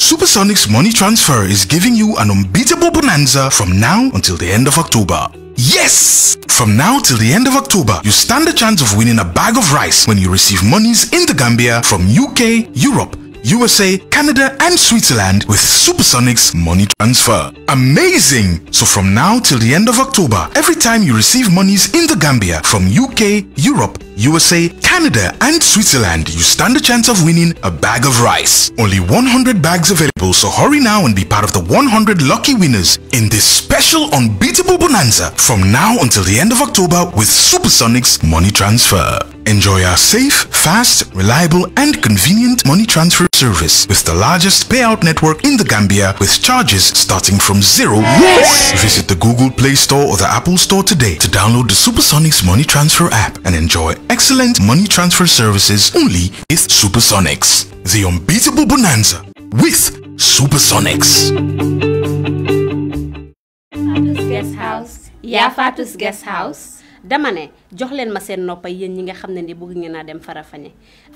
Supersonic's money transfer is giving you an unbeatable bonanza from now until the end of October. Yes! From now till the end of October, you stand a chance of winning a bag of rice when you receive monies in the Gambia from UK, Europe, USA, Canada and Switzerland with Supersonics money transfer. Amazing! So from now till the end of October, every time you receive monies in the Gambia from UK, Europe, USA, Canada and Switzerland, you stand a chance of winning a bag of rice. Only 100 bags available, so hurry now and be part of the 100 lucky winners in this special unbeatable bonanza from now until the end of October with Supersonics money transfer. Enjoy our safe, fast, reliable and convenient money transfer service with the largest payout network in the Gambia with charges starting from zero. Yes! Visit the Google Play Store or the Apple Store today to download the Supersonics Money Transfer app and enjoy excellent money transfer services only with Supersonics. The unbeatable bonanza with Supersonics. Guest House. Yafatus Guest House. dama ne jox leen ma seen noppay yéen ñi nga xam ne ni bëgg ngeen naa dem Farafeñe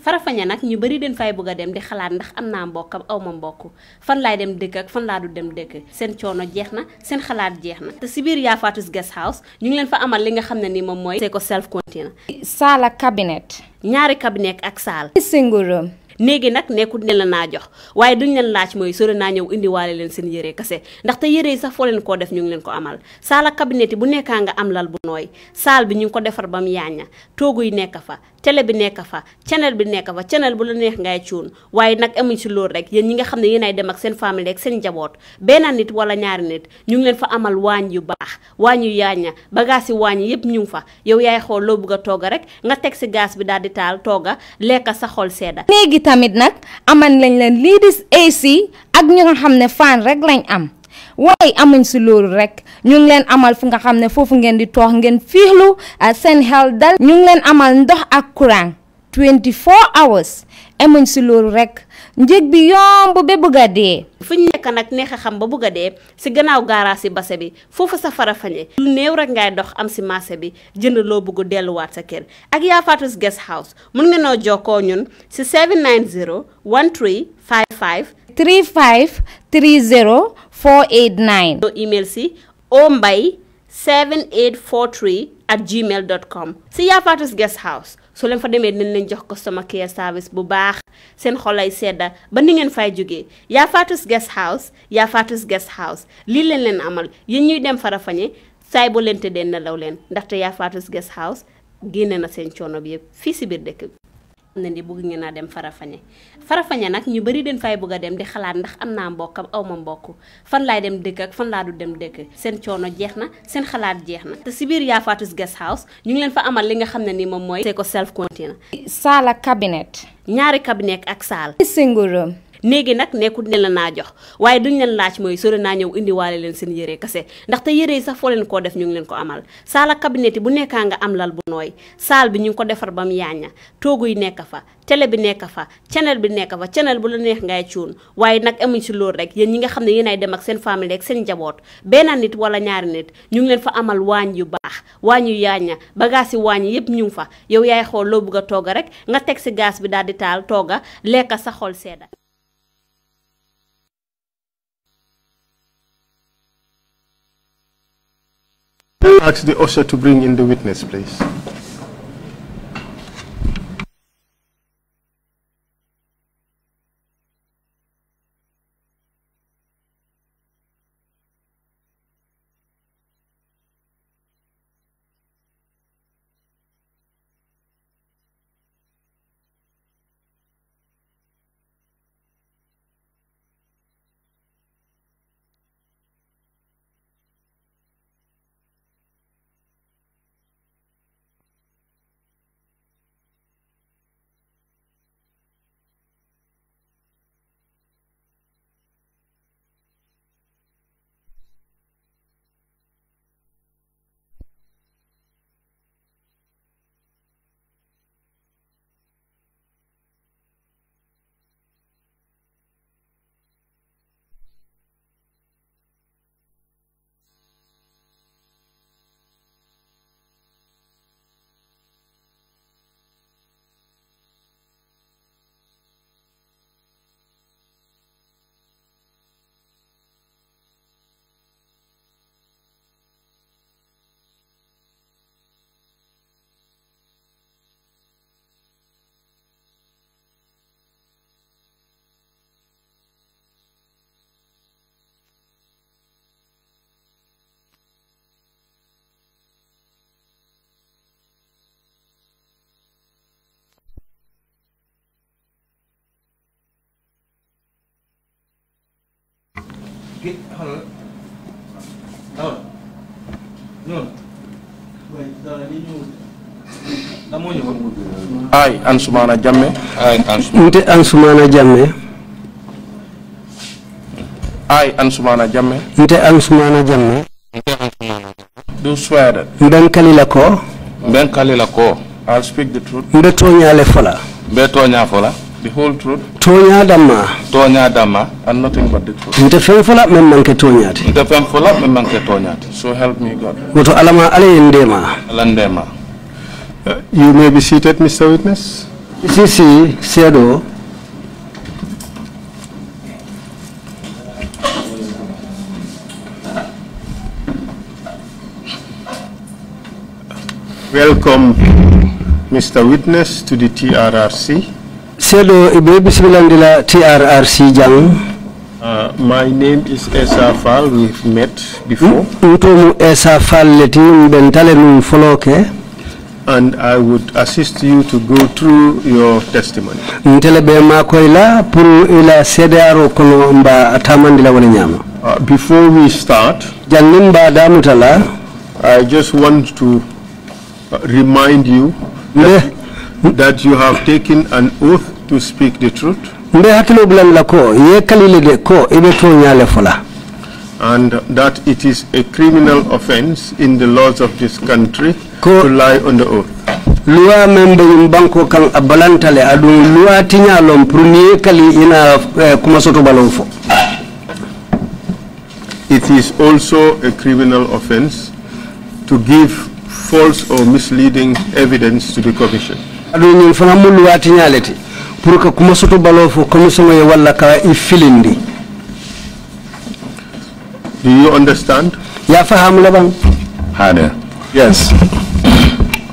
farafañe nag ñu bari leen fay bëgg a dem di xalaat ndax am naa mbokk aw ma mbokk fan laay dem dëkk ak fan laa du dem dëkk seen coono jeex na seen xalaat jeex na te si biir Yaa Faatu's Guest House ñu ngi leen fa amal li nga xam ne ni moom mooy c'est self container saala cabinet ñaari cabinet ak saal single room néegi nag nekku ne la naa jox waaye duñ leen laaj mooy sori naa ñëw indiwaale leen seen yére kase ndaxte yëre yi sax foo leen koo def ñu ngi leen ko amal saala cabinet yi bu nekkaa nga am lal bu nooy saal bi ñu ngi ko defar ba mu yaaña toogu yi nekk fa télé bi nekk fa channel bi nekk fa channel bu la neex ngay cuun waaye nag amuñ si loolu rek yéen ñi nga xam ne yéen ay dem ak seen famille ak seen njaboot benn nit wala ñaari nit ñu ngi leen fa amal waañ yu baax waañ yu yaaña bagaas yi waañ yëpp ñu ngi fa yow yaay xool loo a togg rek nga teg si gaz bi daal di taal togga lekka sa xol sedda tamit nag aman lañ leen lii di AC ak ñu nga xam ne fan rek lañ am waaye amuñ si loolu rek ñu ngi leen amal fu nga xam ne foofu ngeen di toox ngeen fiixlu ah, seen xel dal ñu ngi leen amal ndox ak courant 24 hours amuñ si loolu rek njëg bi yomb ba bëgg a dee. fu ñu nekk nag neex a xam ba bëgg a dee si gannaaw gaaraas si base bi foofu safara Farafeñe lu néew rek ngay dox am si marché bi jënd loo bëgg delluwaat sa kër ak Yaa Fatou Guest House mun nga noo jokkoo ñun si 790 13 55. 35 30 489. soo email si ombay 7843 at gmail dot com si Yaa Fatou Guest House. su leen fa demee dinañ leen jox customer care service bu baax seen ay sedda ba ni ngeen fay jógee yaa faatus guest house yaa faatus guest house lii leen leen amal yéen ñuy dem Farafenni saay boo leen tëddee nelaw leen ndaxte yaa faatus guest house génne na seen coono bi yëpp fii si biir dëkk bi ne ni bëgg ngeen a dem Farafeñe Farafeñe nag ñu bari den fay bëgg a dem di xalaat ndax am naa mbokk am aw ma mbokk fan laay dem dëkk ak fan laa du dem dëkk seen coono jeex na seen xalaat jeex na te si biir Yaa Fatou Guest House ñu ngi leen fa amal li nga xam ne ni moom mooy c'est ko self container saala cabinet ñaari cabinet ak saal single léegi nag nekku ne la naa jox waaye duñ leen laaj mooy sore naa ñëw indiwaale leen seen yére kese ndaxte yëre yi sax foo leen koo def ñu ngi leen ko amal saala cabinet bu nekkaa nga am lal bu nooy saal bi ñu ko defar ba mu yaaña toogu yi nekk fa tele bi nekk fa channel bi nekk fa channel bu la neex ngay cuun waaye nag amuñ si loolu rek yéen ñi nga xam ne yéen ay dem ak seen famille rek seen jaboot benn nit wala ñaari nit ñu ngi leen fa amal waañ yu baax waañ yu yaaña bagaas yi waañ yépp ñu ngi fa yow yaay xool loo bëgg a togga rek nga teg si bi daal di taal togga lekka sa xol sedda ask the usher to bring in the witness, please. géej xoolal dawal ñëwoon. lan moo ñëwoon. ay Ansoumana Diamé. ay Ansoumana nte Ansoumana Diamé. ay Ansoumana Diamé. nte Ansoumana Diamé. du swear. mbenkalila ko. mbenkalila ko. I'll speak the truth. mbe tooñaale fola. mbe tooñaa fola. The whole truth? Tonya Dama. Tonya Dama, and nothing but the truth. Nte fen fola men manke toñati. Nte fen fola men manke toñati. So help me God. Woto alama ala ndema. Alandema. Uh, you may be seated, Mr. Witness. Sisi, Seado. Welcome, Mr. Witness, to the TRRC. Sedo Ibe Bismilandila TRRC Jang. Uh, my name is Esa Fal. We've met before. Hmm? Utomu Esa Fal leti mbentale mfoloke. And I would assist you to go through your testimony. Ntelebe makoila puru ila sedaro kono mba atamandila wale nyama. Uh, before we start, Janimba damutala. I just want to uh, remind you that, that you have taken an oath to speak the truth. Mbe hakilo ye ko nyale fola. And that it is a criminal offense in the laws of this country ko, to lie on the oath. membe kan abalantale tinyalom kali ina eh, kumasoto It is also a criminal offense to give false or misleading evidence to the commission pour que filindi do you understand ya faham yes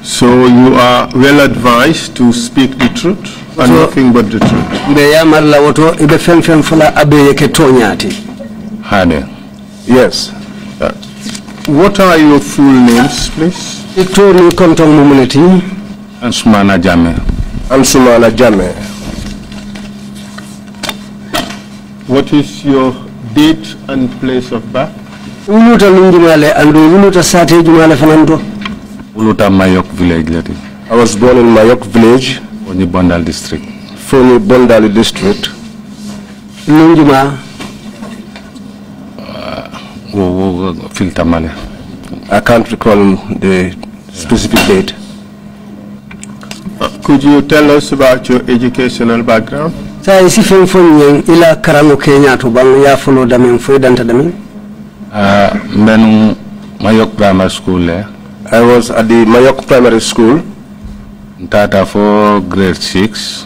so you are well advised to speak the truth and nothing but the truth be ya marla woto ibe fen fen fula abe tonyati yes uh, what are your full names please am Kontong Mumuniti. Ansumana Jame. Ansumana Jame. What is your date and place of birth? Uluta lungimale and uluta sate jumale fanando. Uluta Mayok village I was born in Mayok village. the Bandal district. From the Bandali district. Lungima. Uh, wo wo filter male. I can't recall the specific date. Uh, could you tell us about your educational background? sa ila kenya bang ya danta ah, menu mayok primary school eh. i was at the mayok primary school ntata fo grade 6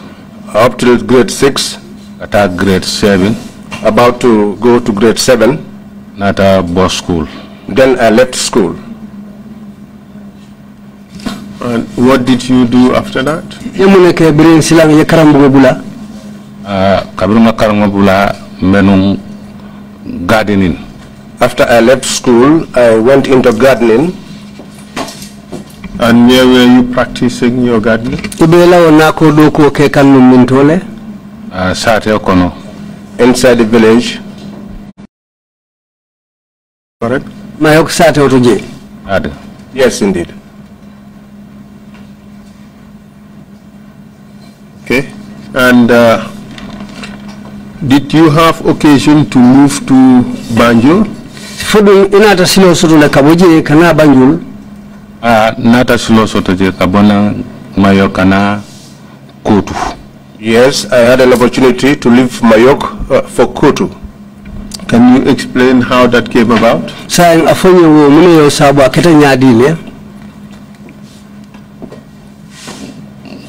up to grade 6 ata grade 7 about to go to grade 7 nata boss school then i left school and what did you do after that uh, Kabiruma Karangabula Menung gardening. After I left school, I went into gardening. And where were you practicing your gardening? Ibela onako doko kekan mintole. Uh, sate okono. Inside the village. Correct. Mayok sate otoje. Ada. Yes, indeed. Okay. And. Uh, did you have occasion to move to Banjul? Fudu inata silo soto na kaboje kana Banjul. Ah, nata silo soto je kabona mayo kana Kotu. Yes, I had an opportunity to leave Mayok uh, for Kotu. Can you explain how that came about? Saying afonyo wo mune yo sabu aketa nyadi ne.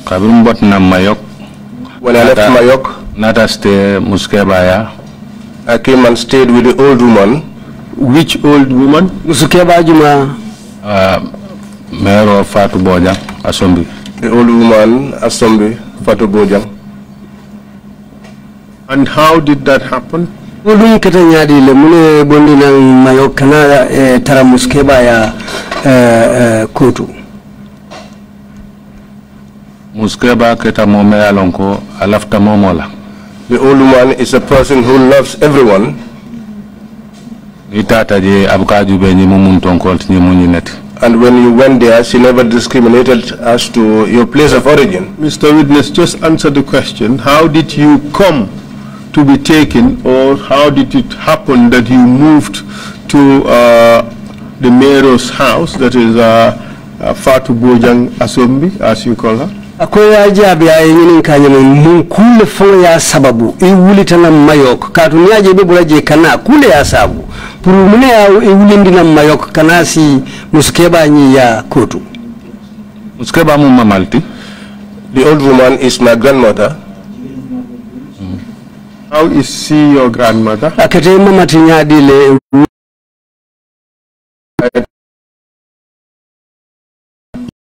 Kabim bot na Mayok. When I left Mayok, Nataste Muskebaya. I came and stayed with the old woman. Which old woman? Muskebaya Juma. Uh, Mayor of Fatu Bojang, Asombi. The old woman, Asombi, Fatu Bojang. And how did that happen? Odun kata nyadi le mune bondi nang mayo kana eh, tara ya eh, eh, kuto. Muskeba kata momela lonko alafta momola. The old man is a person who loves everyone. And when you went there, she never discriminated as to your place of origin. Mr. Witness, just answer the question. How did you come to be taken or how did it happen that you moved to uh, the mayor's house, that is uh, uh, Fatu Bojang Asombi, as you call her? akwai ya ji abu ya yi yinin ne mai mun kule fon ya sababu i wuli ta nan mayok katun ya je bebura je kana kule ya sabu puru mune ya i wuli ndi nan mayok kana si muskeba ni ya kotu muskeba mun mamalti the old woman is my grandmother mm. how is she your grandmother akate mama tinya dile